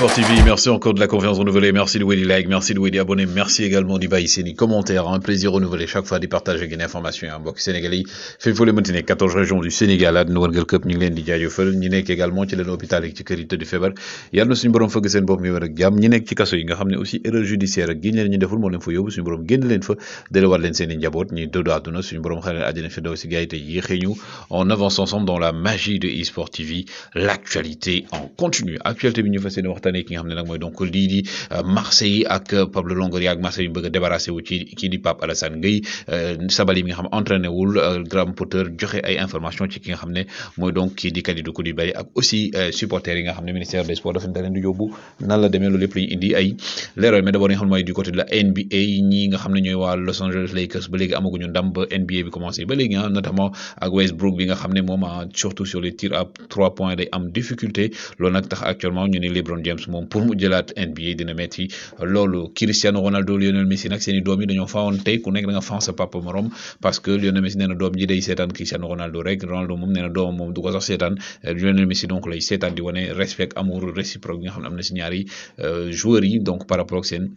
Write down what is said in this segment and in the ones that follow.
Sport merci encore de like, merci de des abonnés, merci également d'y bailler des commentaires, un plaisir renouvelé chaque fois de partager des informations en bokk sénégalais. Fait faut le maintenir 14 régions du Sénégal à nous wërgal këpp ñu ngi leen di jaajëfal ñi nekk également ci leen hôpital yi ci kër yi borom fëgg seen bopp ñu wér ak jàmm ñi nekk ci kaso yi nga xam borom génn leen fa delluwaat leen seen yi te yéexee avance ensemble dans la magie de eSport ne nag mooy donc lii di euh, Marseille ak euh, Pablo Longoria ak Marseille yu bëgg ci di Pape Alassane Gueye euh, Sabaly nga xam entraîné wul Graham joxe ay information ci ki nga xam ne ministère des sports dafa leen di yóbbu nan demee loolu lépp lañu indi ay leeral mais d'abord nga xam ne ñooy waa Los Angeles Lakers ba léegi amaguñu ndam ba NBA bi commencé ba léegi ah notamment ak Westbrook bi nga xam ne moom ah, surtout sur les tirs à trois points day moom pour mu jëlaat NBA dina metti loolu Cristiano Ronaldo Lionel Messi nag seen i doom yi dañoo tey ku nekk da nga fan sa papa morom parce que Lionel Messi nee na doom ji day seetaan Cristiano Ronaldo rek Ronaldo moom nee na doomam moom du ko sax seetaan euh, Lionel Messi donc lay seetaan di wane respect amour réciproque bi nga xam ne am na si ñaari euh, joueurs yi donc par rapport ak seen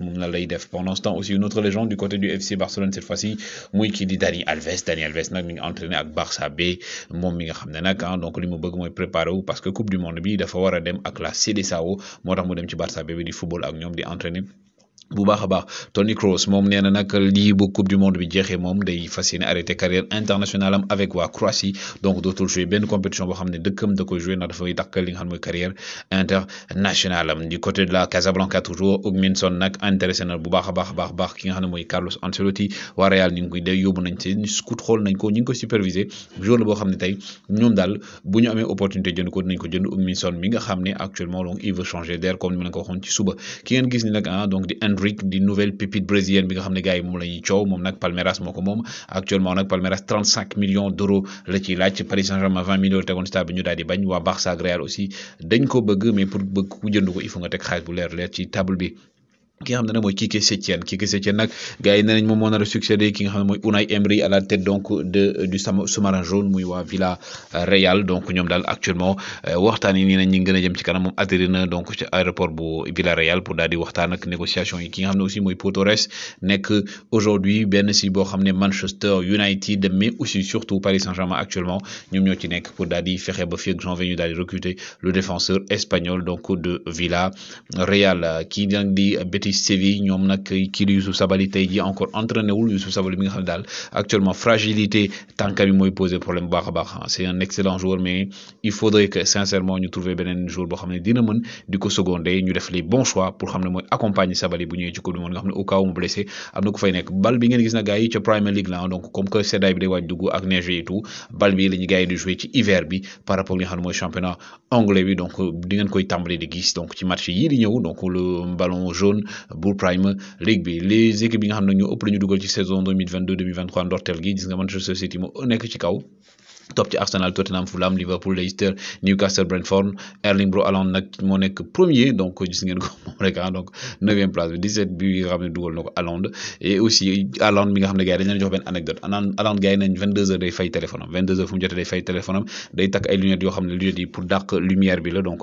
moom la lay def pendant ce temps aussi une autre légende du côté du FC Barcelone cette fois-ci muy kii di Dani Alves Dani Alves nag mi ngi entraîné ak Barça B moom mi nga xam ne nag ah donc li mu bëgg mooy préparé wu parce que coupe du monde bi dafa war a dem ak la CEDEAO moo tax mu dem ci Barça B bi di football ak ñoom di entraîné. bu baax a baax Toni moom nee na lii bu coupe du monde bi jeexee moom day fas yéene carrière internationale am avec waa Croatie donc dootul joué benn compétition boo xam ne dëkkam da koy joué a baax nañ ci scout xool nañ ko ñu supervisé jour la boo xam ne tey ñoom daal bu amee opportunité jënd ko dinañ ko jënd Augminson mi nga xam ne actuellement donc il veut changer d'air comme ni ci suba ki ngeen gis ni nag ah donc di Modric di nouvelle pépite brésilienne bi nga xam ne gars yi moom la ñuy coow Palmeiras moo ko moom actuellement nag Palmeiras 35 millions d'euros la ciy Paris Saint-Germain millions tegoon stade bi ñu daal di bañ aussi dañ ko bëgg mais pour bëgg ku jënd ko il faut nga teg xaalis bu leer leer table bi ki nga xam ne nag mooy Kike Setien Kike Setien nag gars yi nee nañ moom moo nar a succédé ki nga xam ne mooy Unai Emery à la tête donc de du jaune muy waa Villarreal donc ñoom daal actuellement euh, waxtaan yi nii nañ ñi ngi gën a ci kanam moom atterri na donc ci aéroport bu Villarreal pour daal di waxtaan ak négociation ki nga xam ne mooy Pau nekk aujourd'hui benn si boo xam ne Manchester United mais aussi surtout Paris Saint-Germain actuellement di Séville ñoom nag kii ji encore entraîné wul Youssouf Sabaly mi nga xam ne daal actuellement fragilité tànka bi mooy poser problème baax baax ah, c'est un excellent joueur mais il faudrait que sincèrement ñu trouver beneen joueur boo xam ne dina mën di ko seconder ñu def les bons pour xam ne mooy accompagner Sabaly bu ñëwee ci coupe du monde nga xam ne au mu blessé am na ku fay nekk bal bi ngeen gis na gars yi ca League la ah, donc comme que seddaay bi day waaj Bull Prime League bi les équipes yi nga xam ne ñoo ëpp la dugal ci saison 2022 gi gis nga Manchester City moo nekk ci kaw topp ci Arsenal Tottenham Fulham Liverpool Leicester Newcastle Brentford Erling Bro Haaland nag moo nekk premier donc gis ngeen ko moom rek ah, xam ne dugal na ko bi nga xam ne gars yi dañ leen jox benn day fay téléphone fu mu jotee day fay téléphone day takk ay lunettes yoo xam ne lunettes yi pour dàq lumière bi la donc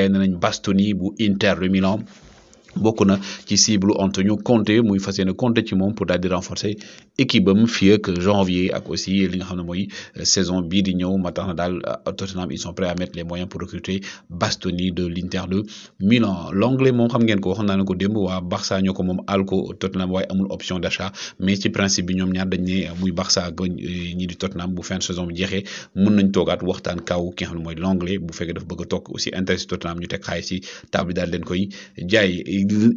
jaay nañ Bastoni bu Inter de Milan bokk na ci cible Antonio Conte muy fas yéene Conte ci moom pour daal di renforcer équipe am fii janvier ak aussi li nga xam ne mooy euh, saison bii di ñëw ma tax na daal euh, Tottenham ils sont prêts à mettre les moyens pour recruter Bastoni de l'Inter de l'anglais moom xam ngeen ko waxoon naa ne ko démb waa Barça ñoo ko moom al ko Tottenham waaye amul option d'achat mais ci principe bi ñoom ñaar dañ ne muy Barça ak euh, ñi di bu fin saison bi jeexee mun nañ toogaat waxtaan kaw ki xam ne mooy l'anglais bu fekkee dafa bëgg a toog aussi intérêt si Tottenham ñu teg xaalis si table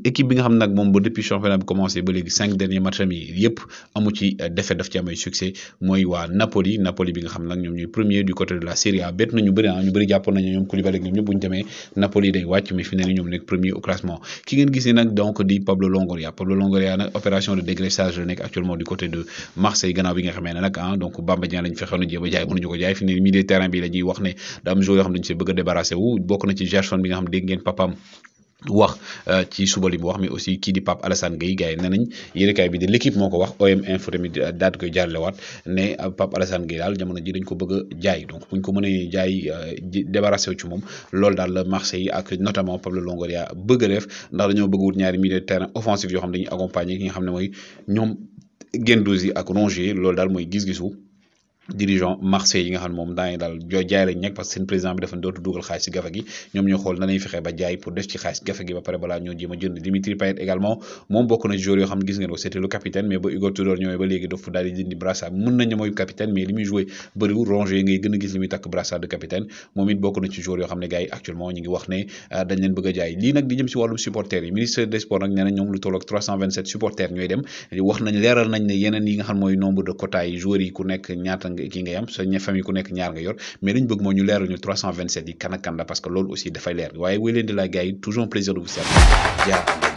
équipe bi nga xam nag moom ba depuis championnat bi commencé ba léegi cinq derniers matchs am yi yëpp amu ci euh, daf ci am succès mooy waa Napoli Napoli bi nga xam nag ñoom ñooy premier du côté de la Serie A bett nañu ah, ñu bëri jàppoon nañu ñoom Koulibaly ak Napoli day wàcc mais fi ne ñoom nekk premier au classement ki ngeen gis ni nag donc di Pablo Longoria Pablo Longoria nag opération de dégraissage la nekk actuellement du côté de Marseille gannaaw bi ah, da wax euh, ci suba li mu wax mais aussi kii di Pape Alassane Gueye gars yi nee nañ yéenekaay bi de l'équipe moo ko wax OM info tamit daal di euh, koy jaarlewaat ne euh, Pape Alassane Gueye daal jamono ji ko bëgg jaay donc buñ ko mënee jaay débarrassé wu ci moom loolu daal la Marseille ak notamment Pablo Longoria bëgg a def ndax dañoo bëgg wut ñaari milieu terrain offensif yo xam dañuy accompagner ki nga xam ne mooy ñoom Guendouzi ak Rongier loolu daal mooy gis-gisu. dirigeant Marseille yi nga xam moom daangi daal jaay lañ nekk parce que seen président bi dafa dootu dugal xaalis ci gafa gi ñoom ñoo xool nanañ fexe ba jaay pour def ci xaalis ci gafa gi ba pare balaa ñoo jéem ba Igor Tudor ñëwee di mooy capitaine mais li muy joué bëriwul rongé ngay gën gis li muy takk brassard de capitaine moom it bokk na ci joueur yoo xam ne gars yi actuellement ñu ngi wax ne euh, dañ leen bëgg jaay lii nag di jëm si wàllum supporters yi ministre ki nga yam famille ku nekk ñaar nga yor mais li ñu bëgg mooy ñu leeral ñu 327 yi kan ak kan la parce que loolu aussi dafay leer waaye wéy leen di la gars yi toujours plaisir de vous servir jaa